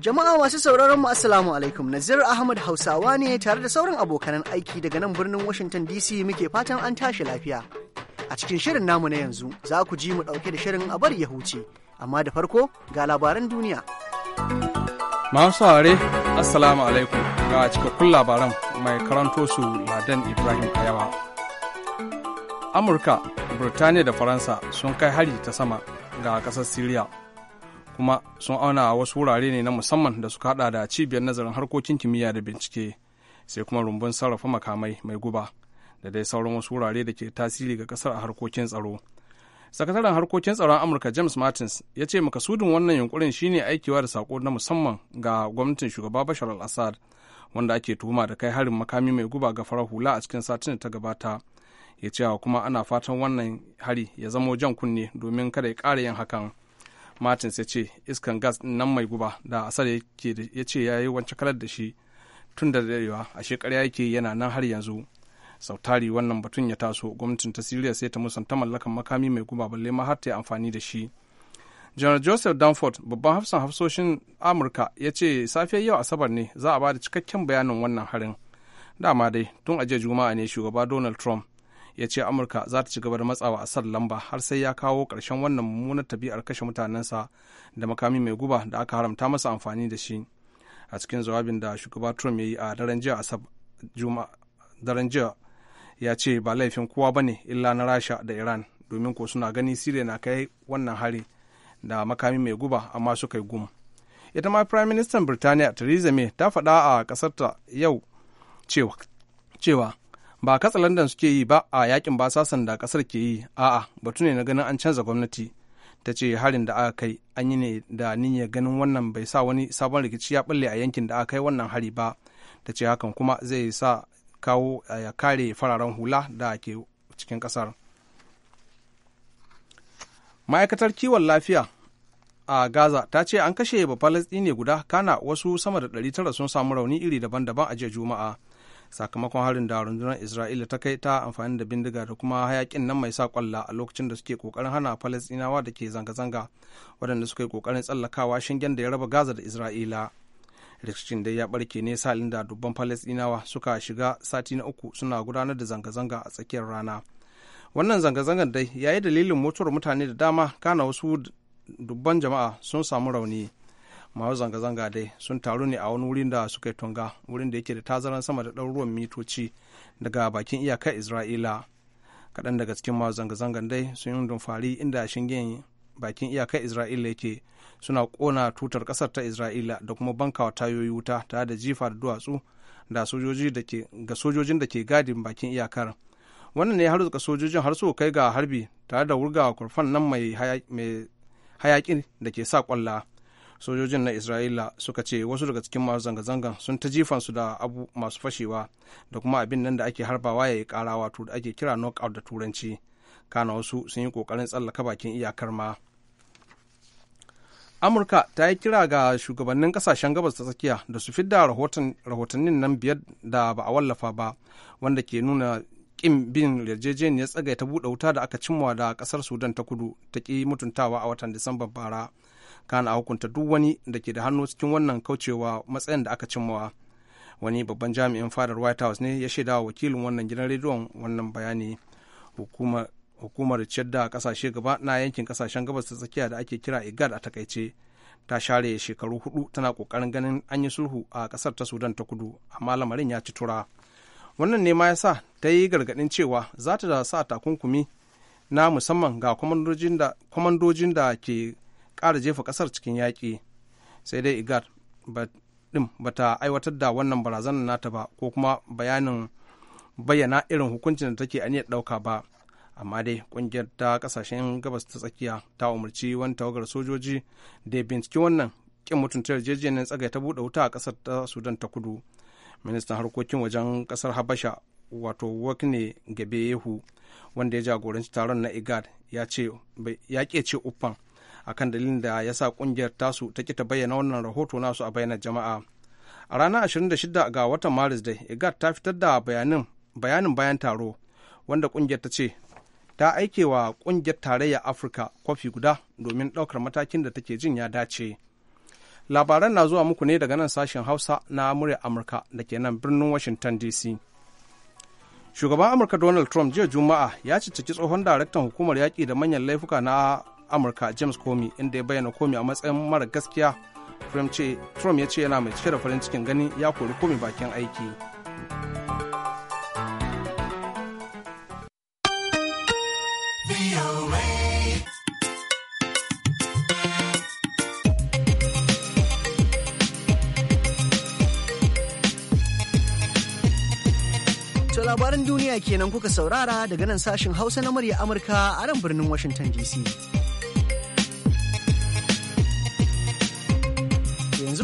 Jama'a masu sauraron mu Assalamu alaikum Nazir Ahmad Hausawa ne tare da sauran abokanan aiki daga nan birnin Washington DC muke fatan an tashi lafiya. A cikin shirin namu na yanzu za ku ji mu ɗauke da shirin a bar ya huce, amma da farko ga labaran duniya. Masu saurare Assalamu alaikum ga cikakkun labaran mai karanto su Ladan Ibrahim Kayawa. Amurka, Burtaniya da Faransa sun kai hari ta sama ga ƙasar Siriya kuma sun auna wasu wurare ne na musamman da suka hada da cibiyar nazarin harkokin kimiyya da bincike sai kuma rumbun sarrafa makamai mai guba da dai sauran wasu wurare da ke tasiri ga kasar a harkokin tsaro sakataren harkokin tsaron amurka james martins ya ce makasudin wannan yunkurin shine aikewa da sako na musamman ga gwamnatin shugaba bashar al-assad wanda ake tuhuma da kai harin makami mai guba ga farar hula a cikin satin da ta gabata ya ce kuma ana fatan wannan hari ya zamo jan kunne domin kada ya ƙara yin hakan martins ya ce iskan gas nan mai guba da asar ya ce ya yi wancan kalar da shi tun da dadewa a shekara yake yana nan har yanzu sautari wannan batun ya taso gwamnatin ta siriya sai ta musanta mallakan makami mai guba balle ma har ta yi amfani da shi general joseph danford babban hafsan hafsoshin amurka ya ce safiyar yau asabar ne za a ba da cikakken bayanin wannan harin dama dai tun a jiya juma'a ne shugaba donald trump ya ce amurka za ta ci gaba da matsawa a asar lamba har sai ya kawo ƙarshen wannan mummunar tabi'ar kashe mutanensa da makami mai guba da aka haramta masa amfani da shi a cikin jawabin da shugaba trump ya yi a daren jiya daren jiya ya ce ba laifin kowa ba ne illa na rasha da iran domin ko suna gani siriya na kai wannan hari da makami mai guba amma suka yi gum ita ma prime minister birtaniya theresa may ta faɗa a ƙasarta yau cewa ba katsalandan suke yi ba a yakin basasan da kasar ke yi a'a batu ne na ganin an canza gwamnati ta ce harin da aka kai an yi ne da niyyar ganin wannan bai sa wani sabon rikici ya balle a yankin da aka kai wannan hari ba ta ce hakan kuma zai sa kawo ya eh, kare fararen hula da ke cikin kasar ma'aikatar kiwon lafiya a gaza ta ce an kashe ba ne guda kana wasu sama da 900 sun samu rauni iri daban-daban a jiya juma'a sakamakon harin da rundunar isra'ila ta kai ta amfani da bindiga da kuma hayakin nan mai sa kwalla a lokacin da suke kokarin hana falastinawa da ke zanga-zanga waɗanda suka yi kokarin tsallakawa shingen da ya raba gaza da isra'ila rikicin dai ya barke ne salin da dubban falastinawa suka shiga sati na uku suna gudanar da zanga-zanga a tsakiyar rana wannan zanga-zangar dai yayi dalilin mutuwar mutane da dama kana wasu dubban jama'a sun samu rauni masu zanga-zanga dai sun taru ne a wani wurin da suka yi tunga wurin da yake da tazaran sama da ɗaruruwan mitoci daga bakin iyakar isra'ila kaɗan daga cikin masu zanga-zangan dai sun yi dumfari inda shingen bakin iyakar isra'ila yake suna kona tutar ƙasar ta isra'ila da kuma bankawa tayoyi wuta tare da jifa da duwatsu da sojoji da ke ga sojojin da ke gadin bakin iyakar wannan ne har sojojin har su kai ga harbi tare da wurgawa kurfan nan mai hayakin da ke sa kwalla sojojin na isra'ila suka ce wasu daga cikin masu zanga-zangan sun ta jifansu da abu masu fashewa da kuma abin nan da ake harbawa ya yi kara wato da ake kira knockout da turanci kana wasu sun yi kokarin tsallaka bakin iyakar ma amurka ta yi kira ga shugabannin kasashen gabas ta tsakiya da su fidda rahotannin nan biyar da ba a wallafa ba wanda ke nuna kin bin yarjejeniyar tsagaita buɗe wuta da aka cimma da kasar sudan ta kudu ta ki mutuntawa a watan disamba bara kana a hukunta duk wani da ke da hannu cikin wannan kaucewa matsayin da aka cimmawa wani babban jami'in fadar white house ne ya shaida wa wakilin wannan gidan rediyon wannan bayani hukumar hukumar ciyar da kasashe gaba na yankin kasashen gabas ta tsakiya da ake kira igad a takaice ta share shekaru hudu tana kokarin ganin an yi sulhu a kasar ta sudan ta kudu amma lamarin ya ci tura wannan ne ma ya sa ta yi gargadin cewa za ta sa takunkumi na musamman ga kwamandojin da ke kara jefa kasar cikin yaƙi sai dai igar din bata aiwatar da wannan barazanar nata ba ko kuma bayanin bayyana irin hukuncin da take aniyar ɗauka ba amma dai ƙungiyar ta kasashen gabas ta tsakiya ta umarci wani tawagar sojoji da binciki wannan kin mutunta yarjejeniyar tsagai ta buɗe wuta a kasar ta sudan ta kudu ministan harkokin wajen ƙasar habasha wato wakne gabe yehu wanda ya jagoranci taron na igad ya ya ce uffan akan dalilin da ya sa kungiyar tasu ta ki ta bayyana wannan rahoto nasu a bayanan jama'a a ranar 26 ga watan maris da igat ta fitar da bayanin bayanin bayan taro wanda kungiyar ta ce ta aike wa kungiyar tarayya afirka kwafi guda domin daukar matakin da take jin ya dace labaran na zuwa muku ne daga nan sashen hausa na murya amurka da ke nan birnin washington dc shugaban amurka donald trump jiya juma'a ya cicciki tsohon daraktan hukumar yaƙi da manyan laifuka na amurka james comey inda ya bayyana comey a matsayin mara gaskiya trump ya ce yana mai cike da farin cikin gani ya kori comey bakin aiki labaran duniya kenan kuka saurara daga nan sashin Hausa na murya Amurka a nan birnin Washington DC.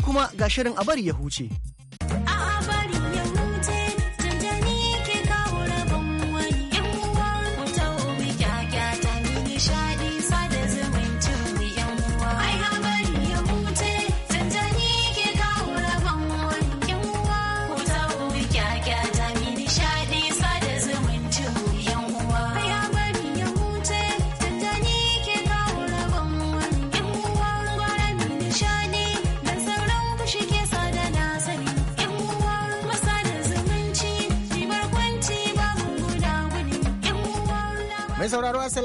kuma ga shirin a bari ya huce.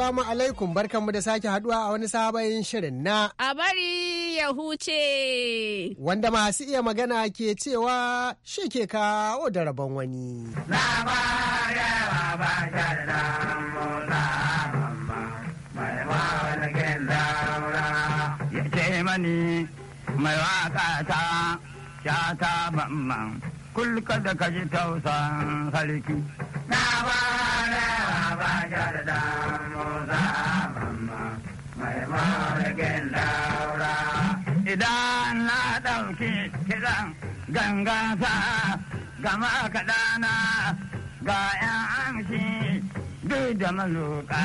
Assalamu alaikum barkanmu da sake haduwa a wani sabon shirin na a bari ya huce wanda masu iya magana ke cewa shi ke kawo da rabon wani. Na ba ba mai waka ta ta ban." Kulka da kaji ji tausan sarki. Na ba da ba da damu mai marikin daura. Idan na ɗauki kiɗan gangasa, ta gama kaɗana ga ‘yan amshi duk da maluka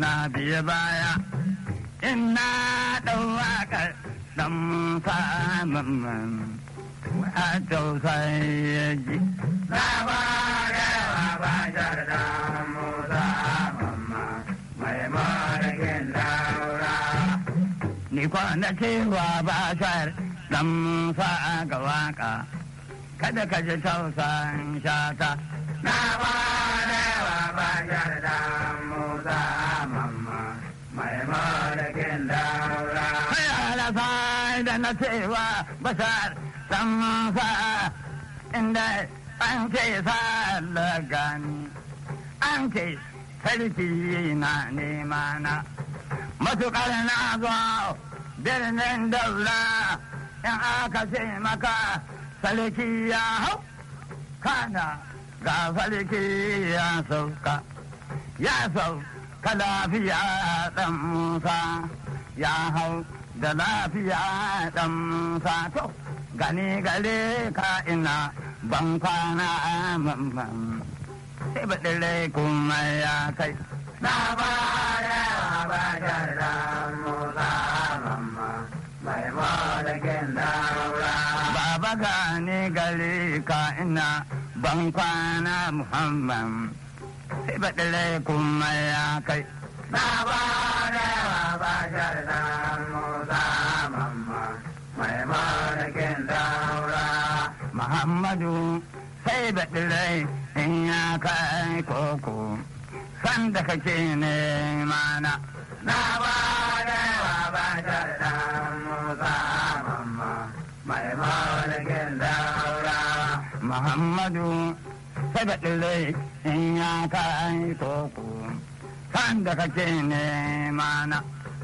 na biya baya. Ina ɗauwa ka ɗan a tausayin ji. Labar yawa ba jarda Musa mamma mai marakin daura. Ni kwana cewa ba shar dan sa ga waka kada ka ji tausan shata. Labar yawa ba jarda Musa mamma mai marakin daura. Kai alasa da na cewa bashar san inda an ce gani an ce sarki na nema na matuƙar na zo birnin daula in aka ce maka sarki ya hau kana ga sarki ya sauka ya sauka lafiya ɗan musa ya hau da lafiya ɗan musa to gani gale ka ina ban kwana mamman mm. sai ba baɗin kuma ya kai na ba da ba da ramu la mamma mai da malakin daura baba gani gale ka ina ban kwana muhamman sai ba baɗin kuma ya kai na ba da ba da ramu la mai malakin daura muhammadu sai da rai in ya kai koko sanda da kake ne mana na ba da wa ba da dan musa mamma mai malakin daura muhammadu sai da rai in ya kai koko san da kake ne mana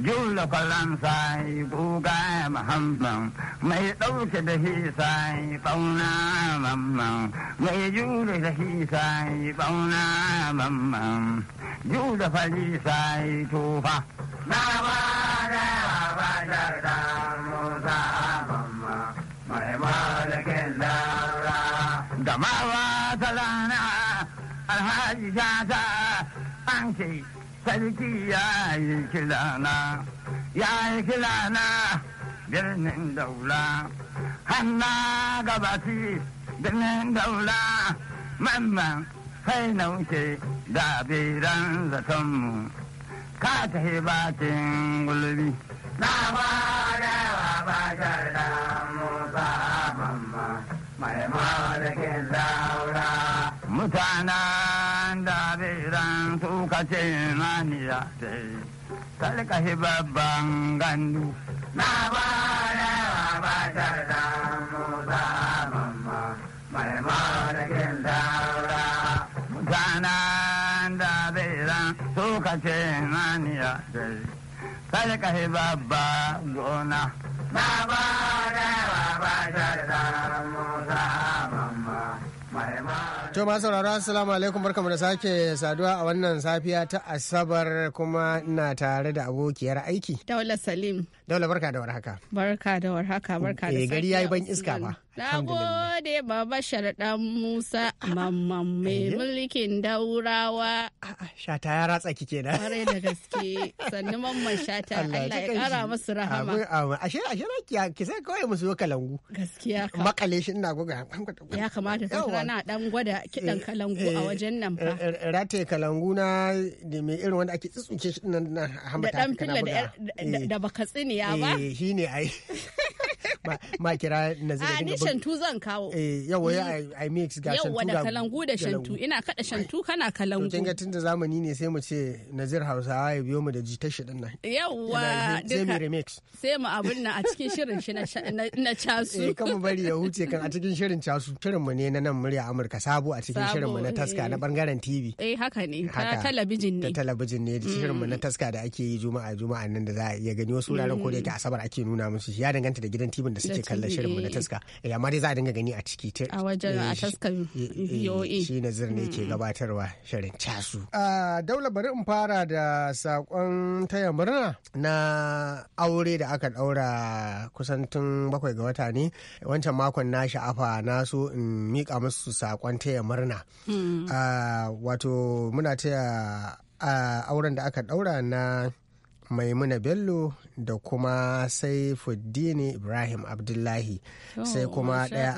jula faransa kuga mahamman mai ɗauke da hisa fauna mamman mai jula da hisa fauna mamman jula falisa tufa na ba da ba da da musa mamma mai malakin da ma ba alhaji ta an ce sarki ya yi kilana ya yi kilana birnin daula hanna gabati birnin daula mamman sai nauke da biran zatonmu ka ta bakin gulbi na ba da wa ba da musa mamma mai malakin daura mutana nan dariran suka ce mani ya ce talka shi babban gandu na ba na ba ta da musa mamma mai malakin daura mutanen dariran suka ce mani ya ce talka shi babban gona na ba na ba ta da musa To ma sauraro assalamu alaikum barkamu da sake saduwa a wannan safiya ta Asabar kuma ina tare da abokiyar aiki. Daula Salim. Daula barka da warhaka. Barka da warhaka barka da eh, safiya. gari yayi ban iska ba. Na gode baba sharɗan Musa mamman mai mulkin daurawa. Shata ya ratsa ki kenan. Kware da gaske sannu mamman shata Allah ya kara masu rahama. Amin ashe ashe na ki sai kawai musu zo kalangu. Gaskiya ka. Makale shi ina goga. Ya kamata sai na dan gwada eh, kidan kalangu a eh, wajen nan fa. Eh, Rate kalangu na da mai irin wanda ake tsutsuke shi nan na hamata. Da dan filla da baka tsiniya ba. shine ai. Ma kira na zira shantu zan kawo. Eh yawa mm. ya ai mix ga shantu. Yawa da kalangu da shantu ina kada shantu kana kalangu. Kin ga tunda zamani ne sai mu ce Nazir Hausawa ya biyo mu da jita shi din nan. Yawa Sai mu remix. Sai mu abun nan a cikin shirin shi na casu. Eh kan mu bari ya huce kan a cikin shirin casu. Shirin mu ne na nan murya Amurka sabo a cikin shirin mu na eh. taska na bangaren TV. Eh haka ne ta talabijin ne. Ta talabijin ne mm. shirin mu na taska da ake yi juma'a juma'a nan da za a iya gani wasu wuraren ko da yake mm. asabar ake nuna musu ya danganta da gidan TV da suke kallon shirin mu na eh. taska. ya amma za a dinga gani a ciki ta a wajen a eh, taskar eh, eh, VOA shi nazir ne ke gabatarwa shirin casu a daula bari in fara da sakon taya murna na aure da aka daura kusan tun bakwai ga wata ne wancan makon na sha'afa na so in mika musu sakon taya murna mm. wato muna taya auren da aka daura na maimuna bello da kuma saifuddini ibrahim abdullahi sai kuma ɗaya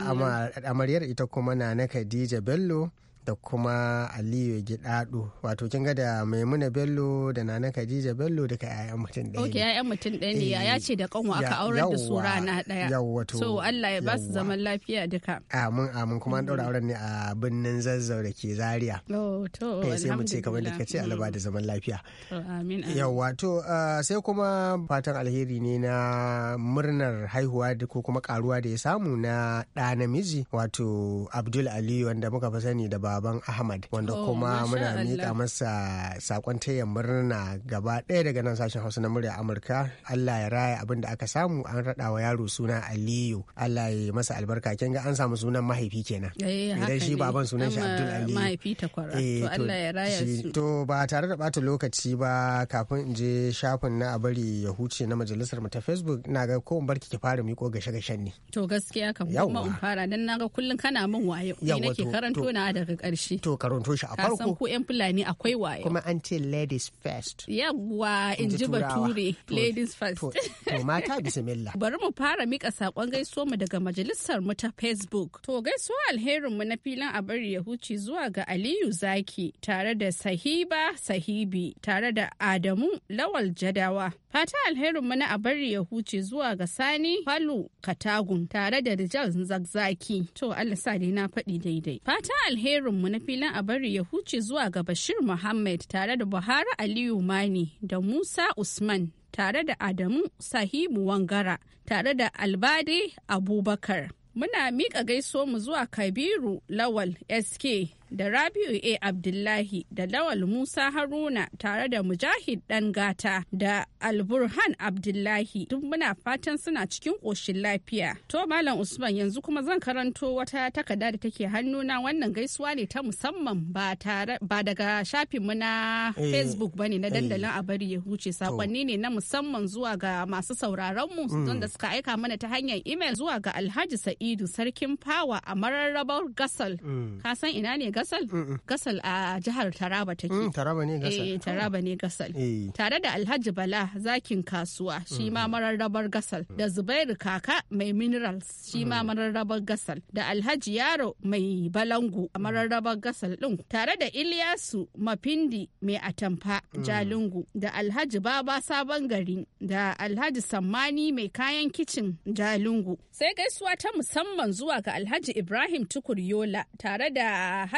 amaryar ita kuma na na khadija bello da kuma aliyu gidado wato kin ga da maimuna bello da nana khadija bello daga yayan mutum ɗaya ok yayan mutum ɗaya ne ya ce da kanwa aka aurar da su rana ɗaya yawwa so allah ya ba su zaman lafiya duka amin amin kuma an ɗaura mm. auren ne a birnin zazzau da ke zaria oh to eh, sai mu ce kamar da ka ce alaba da zaman lafiya amin yawwa to eh, sai kuma fatan alheri ne na murnar haihuwa da ko kuma karuwa da ya samu na ɗa namiji wato abdul aliyu wanda muka fi sani da ba baban Ahmad wanda oh, kuma muna miƙa masa sakon taya murna gaba ɗaya daga nan sashen Hausa na murya Amurka. Allah ya raya abin da aka samu an raɗa wa yaro suna Aliyu. Allah ya masa albarka kin ga an samu sunan mahaifi kenan. Eh, Idan shi baban sunan shi Abdul Aliyu. Mahaifi ta kwara. Eh, to Allah ya raya su. To ba tare da ɓata lokaci ba kafin in je shafin na a bari ya huce na majalisar mu ta Facebook na ga ko in barki ki fara miƙo gashe-gashen ne. To gaskiya kam kuma in fara dan na ga kullum kana min waye. Yawwa nake karanto na daga ƙarshe. To karanto shi a farko. Kasan ku 'yan Fulani akwai wayo. Kuma an ce ladies first. Yawwa in ji bature ladies first. To mata bismillah. Bari mu fara mika saƙon gaiso mu daga majalisar mu ta Facebook. To gaiso alherin mu na filan a bari ya huce zuwa ga Aliyu Zaki tare da Sahiba Sahibi tare da Adamu Lawal Jadawa. Fata alherin mu na a bari ya huce zuwa ga Sani Falu Katagun tare da Rijal Zagzaki. To Allah sa na faɗi daidai. Fata alherin mu na filin a bari ya huce zuwa ga Bashir Muhammad tare da Buhari Aliyu Mani da Musa Usman tare da Adamu Sahibu Wangara tare da Albade Abubakar. Muna miƙa gaiso mu zuwa Kabiru Lawal SK da Rabiu A. Abdullahi da Lawal Musa Haruna tare da Mujahid Dan Gata da Alburhan Abdullahi duk muna fatan suna cikin ƙoshin lafiya. To Malam Usman yanzu kuma zan karanto wata takarda da take hannuna wannan gaisuwa ne ta musamman ba daga shafinmu na eh, Facebook ba ne na eh. dandalin a bari ya huce sakonni ne na musamman zuwa ga masu sauraron mm. don da suka aika mana ta hanyar imel zuwa ga Alhaji Sa'idu Sarkin Fawa a mararrabar Gasal. Mm. Ka san ina ne gasal mm, mm. gasal a jihar taraba take mm, taraba ne gasal eh taraba ne gasal eh. tare da alhaji bala zakin kasuwa shi ma mararrabar gasal da zubairu kaka mai minerals shi ma mararrabar gasal da alhaji yaro mai balangu a mararrabar gasal ɗin. tare da Ilyasu mafindi mai atamfa jalingu da alhaji baba sabon gari da alhaji sammani mai kayan kicin jalingu sai gaisuwa ta musamman zuwa ga alhaji ibrahim tukur yola tare da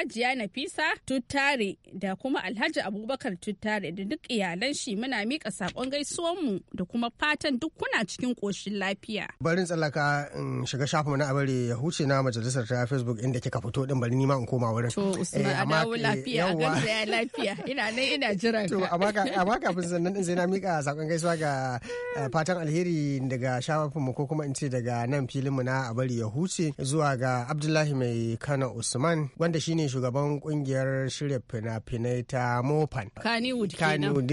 hajiya nafisa tuttare da kuma alhaji abubakar tuttare da duk iyalan shi muna miƙa saƙon gaisuwanmu da kuma fatan duk kuna cikin koshin lafiya barin tsallaka in shiga shafin na abare ya huce na majalisar ta facebook inda kika fito din bari nima in koma wurin to usman eh, a dawo lafiya a ya lafiya ina nan ina jira to amma kafin sannan din sai na mika sakon gaisuwa ga eh, fatan alheri daga shafin mu ko kuma in ce daga nan filin mu na abare ya huce zuwa ga abdullahi mai kano usman wanda shine shugaban kungiyar shirya fina-finai ta mofan kaniwood kaniwood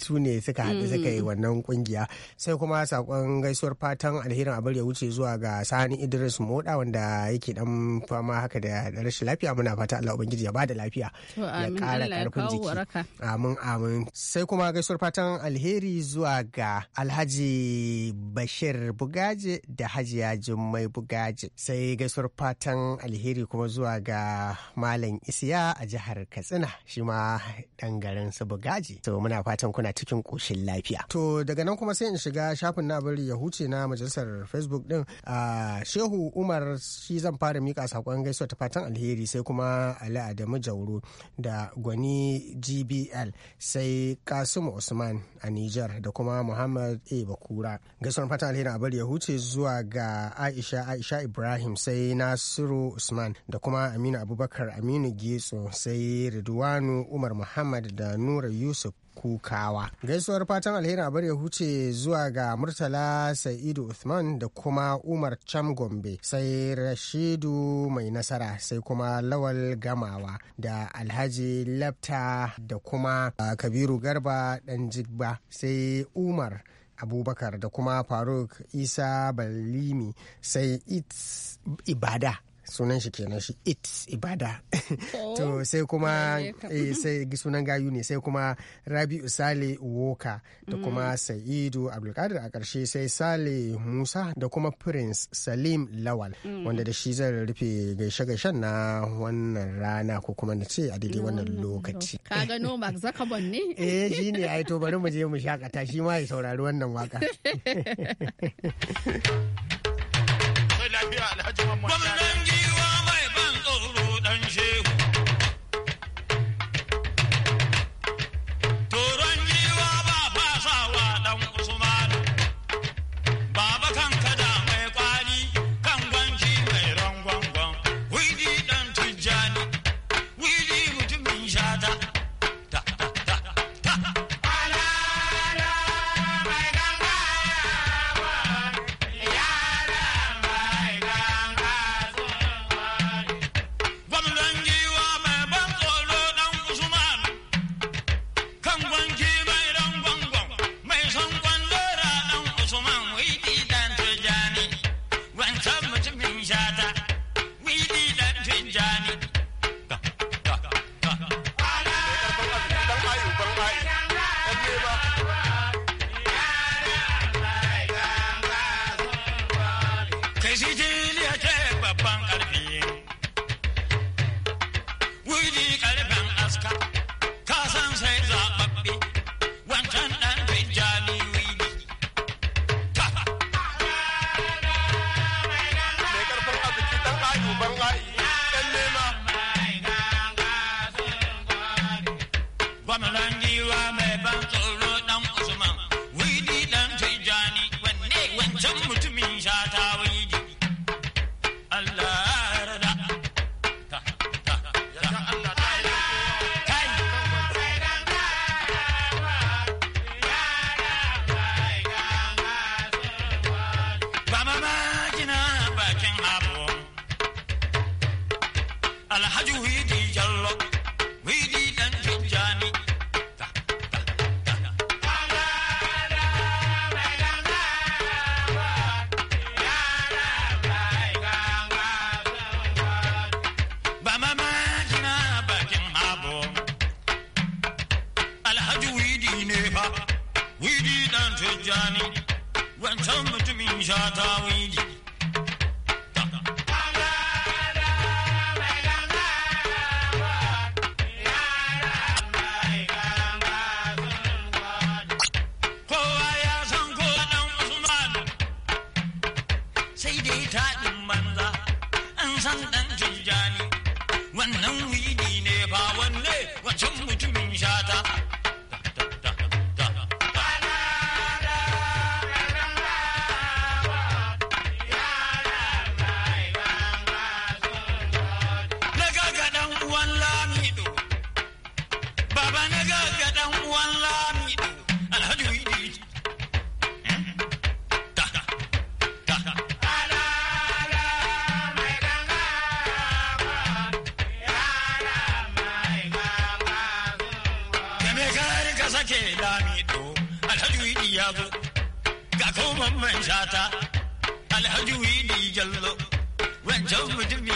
su ne suka haɗu mm-hmm. suka yi wannan kungiya sai kuma sakon gaisuwar fatan alherin abar ya wuce zuwa ga sani idris moda wanda yake dan fama haka da rashin lafiya muna fata allah ubangiji ya bada lafiya ya kara karfin jiki amin amin sai kuma gaisuwar fatan alheri zuwa ga alhaji bashir bugaje da hajiya jummai bugaje sai gaisuwar fatan alheri kuma zuwa ga malam Malam Isiya a jihar Katsina shi ma ɗan garin su To muna fatan kuna cikin koshin lafiya. To daga nan kuma sai in shiga shafin na bari ya huce na majalisar Facebook ɗin. Shehu Umar shi zan fara mika sakon gaisuwa ta fatan alheri sai kuma Ali Adamu Jauro da Gwani GBL sai Kasim Usman a Nijar da kuma Muhammad A. Bakura. Gaisuwar fatan alheri a bari ya huce zuwa ga Aisha Aisha Ibrahim sai Nasiru Usman da kuma Aminu Abubakar Aminu Gitsu, sai Ridwanu Umar Muhammad da Nura Yusuf kukawa. Gaisuwar fatan alherin a ya huce zuwa ga Murtala Sa'idu Uthman da kuma Umar Cham Gombe sai Rashidu mai nasara sai kuma Lawal Gamawa da Alhaji Lafta da kuma Kabiru Garba ɗan Jigba sai Umar abubakar da kuma faruk isa balimi sai ibada sunan shi kenan shi it ibada to oh, sai kuma eh, sai sunan gayu ne sai kuma rabi'u sale woka da mm. kuma sa'idu abdulkadir a ƙarshe sai sale musa da kuma prince salim lawal mm. wanda da shi zan rufe gaishe-gaishen na wannan rana ko kuma na ce a daidai wannan lokaci ka gano mark zakabon ne eh shi ne ai to bari mu je mu shakata shi ma ya saurari wannan waka lafiya Alhaji Muhammad.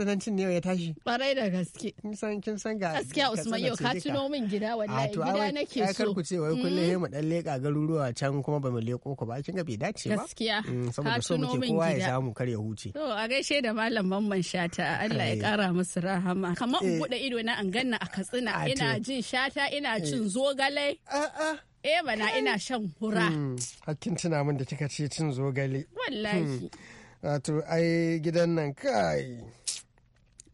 matsanancin ne ya tashi barai da gaske kin san kin san ga gaskiya Usman yau ka tuno min gida wallahi gida nake so kar ku ce wai kullum sai mm. mu dan leka garuruwa can kuma ba mu leko ku ba kin ga bai dace ba gaskiya mm, saboda so muke kowa ya samu kar ya huce to a gaishe da malam mamman shata Allah ya kara eh. musu rahama kamar in eh. bude ido na an ganna a katsina ina jin shata ina eh. cin zogale a'a eh bana ina shan hura mm, hakkin tuna min da kika ce cin zogale wallahi hmm. wato ai gidan nan kai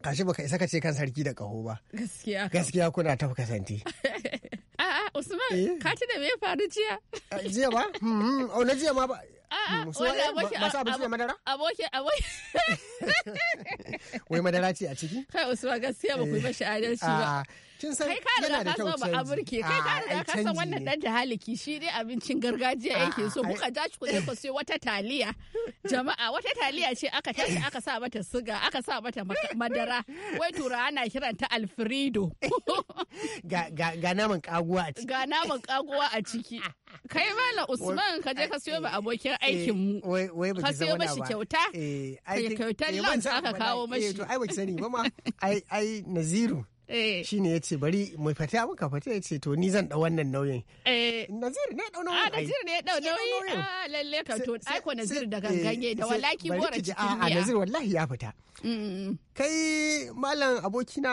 kashi baka isa ka ce kan sarki da kaho ba gaskiya gaskiya kuna ta kasance a'a usman eh. ka da me faru jiya jiya ba hmm, hmm. o oh, na jiya ma ba hmm, eh, aboki. Masu Wai madara ce a ciki? Kai Usman gaskiya ba ku yi mashi adalci ba. kin san yana da Kai ka riga ka burke. Kai ka da ka san wannan dan jahaliki shi dai abincin gargajiya yake so kuka ja ku je ko sai wata taliya. Jama'a wata taliya ce aka tashi aka sa mata siga aka sa mata madara wai tura ana kiranta Alfredo. Ga naman kaguwa a ciki. Ga naman kaguwa a ciki. Kai mala Usman ka je ka siyo ba abokin eh, aikin mu. Ka siyo shi kyauta. Eh, kyautar eh, lunch aka kawo mashi. Ai baki sani ba ma ai Naziru. Eh. shi ne ya ce bari mai fata muka fata ya ce to ni zan dau wannan nauyin eh. ah, nazir ne ya dauna nauyin a ah, nazir ne ɗau nauyin a lalle ka to aiko naziru nazir da ganganye da wallahi bora cikin a nazir wallahi ya fita mm, mm, mm. kai malam abokina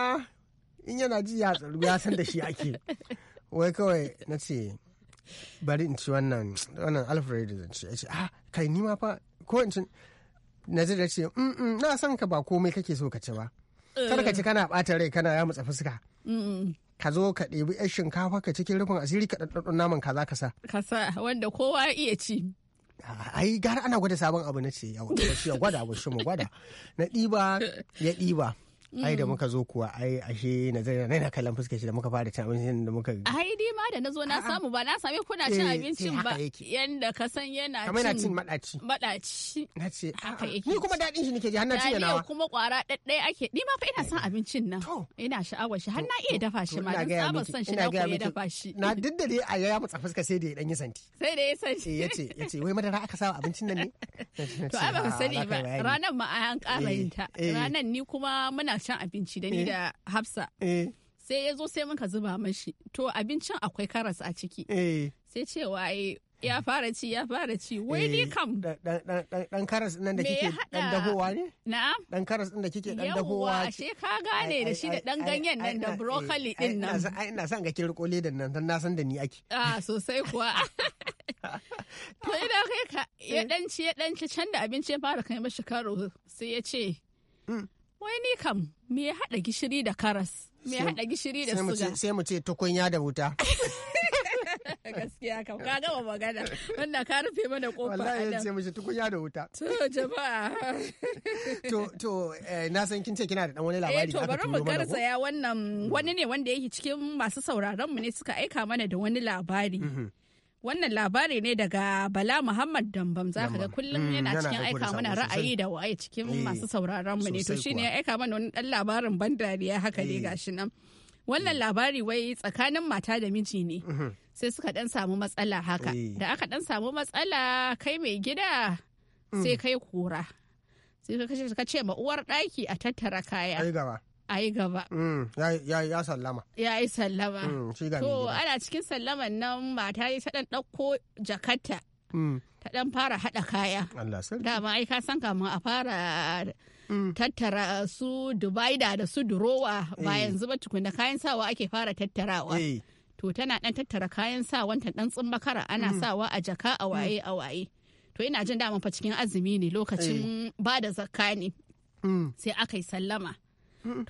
in yana ji ya tsaro ya san da shi ake wai kawai na ce bari in ci wannan wannan alfred zan ci ya ce ah kai ni ma fa ko in ci nazir ya ce na san ka ba komai kake so ka ci ba kar ka ci kana ɓata rai kana ya mutsa fuska ka zo ka ɗebi 'yan shinkafa ka cikin rufin asiri ka ɗaɗɗaɗɗo naman kaza ka sa. Ka sa wanda kowa iya ci. Ai gara ana gwada sabon abu na ce ya gwada abu shi mu gwada na ɗiba ya ɗiba ai da mm. muka zo kuwa ai ashe na zai na kallon fuskar shi da muka fara cin abincin da muka ai dai ma da nazo na samu ba na same kuna cin eh, abincin eh, ba yanda ka san yana cin kamar yana cin madaci madaci na ce haka yake ni kuma dadin shi nake ji har na ci nawa kuma kwara daddai ake ni ma fa ina son eh, abincin nan ina sha'awar shi har na iya dafa shi ma dan saba son shi na iya dafa shi na duk dai a ya mutsa fuska sai da ya dan yi santi sai da ya santi yace yace wai madara aka sawa abincin nan ne to ai ba sani ba ranan ma an kara yin ta ranan ni kuma muna cin abinci da ni eh. da Hafsa. Eh. Sai ya zo sai muka zuba mashi. To abincin akwai karas a ciki. Eh. Sai cewa ya fara ci ya fara ci wai ni kam dan karas din da kike dan dahowa ne na'am dan karas din da kike dan dahowa she ka gane da shi da dan ganyen nan da broccoli din nan ai ina son ga kin riko da nan dan na san da ni ake ah sosai kuwa to idan kai ka ya dan ci ya dan ci can da abinci ya fara kai mashi karo sai ya ce mm. Wai ni kam me ya haɗa gishiri da karas? Me ya haɗa gishiri da suga? Sai mu ce tukunya da wuta. gaskiya kam ka gama magana Wannan ka rufe mana kofa wallahi ya ce mishi tukunya da wuta to jama'a to to eh, na san kin ce kina da dan wani labari eh, to bari mu ya wannan wani ne wanda yake cikin masu sauraron mu ne suka aika mana da wani labari mhm. wannan labari ne daga bala muhammad dambam za ka ga kullum mm, yana cikin aika mana ra'ayi da wa'ayi cikin eh, masu sauraron mu ne to shine ya aika mana wani dan labarin ban dariya haka ne eh. gashi nan wannan eh. labari wai tsakanin mata da miji ne mm-hmm. sai suka dan samu matsala haka da aka dan samu matsala kai mai gida sai mm. kai kura sai ka ce ma uwar daki a tattara kaya a yi gaba. Mm, ya sallama. Ya yi sallama. Mm, to ana cikin sallaman nan mata ta ɗan ɗauko jakarta. Mm. Ta ɗan fara haɗa kaya. Allah sarki. Dama ai ka san kamun a fara tattara su dubaida da su durowa ba eh. yanzu ba tukuna kayan sawa ake fara tattarawa. Eh. To tana ɗan tattara kayan sawan ta ɗan tsimmakara ana sawa a jaka a waye a waye. To ina jin dama fa cikin azumi ne lokacin eh. ba da zakka ne. Sai aka yi sallama.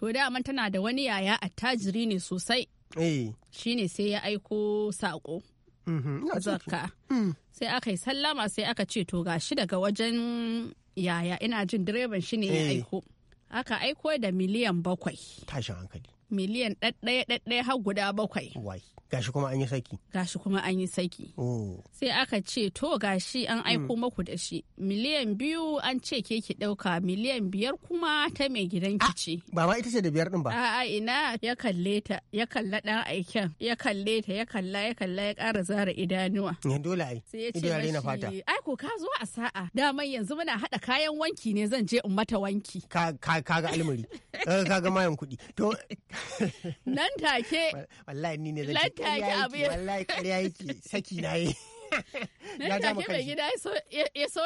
to daman tana da wani yaya attajiri ne sosai eh. Shi ne sai ya aiko saƙo mm-hmm. zakka mm. sai aka yi sallama sai aka ce to gashi daga wajen yaya ina jin direban shi ne ya eh. aiko aka aiko da miliyan bakwai tashin hankali miliyan ɗaɗɗaya-ɗaɗɗaya har guda bakwai. Wai, gashi kuma an yi saki. Gashi kuma an yi saki. Oh. Sai aka ce to gashi an aiko hmm. maku da shi. Miliyan biyu an ce ke ki ɗauka miliyan biyar kuma ta mai gidan ki ah, ce. Ba ma ita ce da biyar ɗin ba. A'a ina ya kalle ta ya kalla ɗan aiken ya kalle ta ya kalla ya kalla ya ƙara zara idanuwa. Ya dole ai. Sai ya ce na fata. Ai ko ka zo a sa'a. Dama yanzu muna haɗa kayan wanki ne zan je in mata wanki. Ka ga almuri. Eh, ka ga mayan kuɗi. To nan take wallahi ni ne zan take abu wallahi ƙarya yake saki na yi nan take mai gida ya so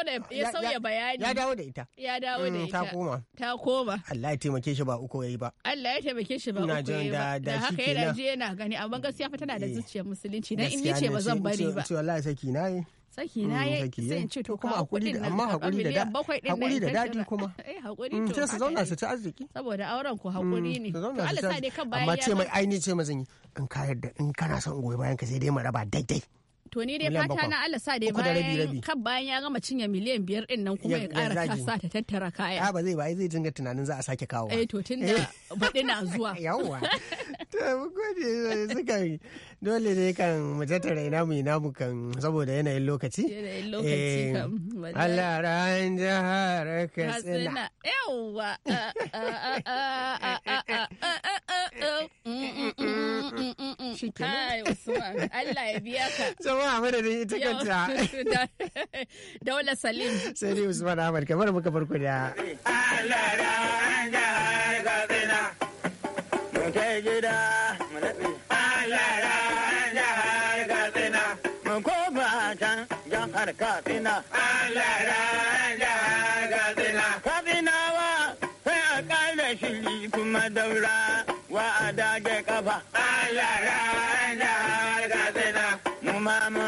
da ya sauya bayani ya dawo da ita ya dawo da mm, ita ta koma ta koma Allah ya taimake shi ba uku yayi ba Allah ya taimake shi ba uku yayi ba da haka yana je yana gani amma gaskiya fa tana da eh. zuciyar musulunci dan in ni ce ba zan bari ba to wallahi saki na yi saki na mm, ya sai in ce to kuma hakuri da amma hakuri da hakuri da dadi kuma eh hakuri mm, to su zauna su ci arziki saboda auren ku hakuri mm, ne to Allah sa dai kan bayan amma ce mai aini ce mazan yi in ka yarda in kana son goyi bayan ka sai dai mu raba daidai to ni dai fata na Allah sa dai bayan kan bayan ya gama cinye miliyan biyar din nan kuma ya ƙara kasa ta tattara kaya a ah, ba zai ba zai dinga tunanin za a sake kawo eh to tunda eh. baɗi na zuwa yawwa gode dole ne kan mu tattara ina mu ina kan saboda yanayin lokaci yanayin lokaci kam Allah ran jihar yawa Kai Usman, Allah ya biya ka. Jama'a madadin ita kanta. Daula Salim. Sai Usman Ahmad kamar muka farko da. Allah ran jahar gida mu laɓe. Alara jihar Katsina. Mu koma can jihar Katsina. Alara jihar Katsina. Katsinawa sai a ƙara shiri kuma daura wa a dage kafa. Alara jihar Katsina. Mu ma mu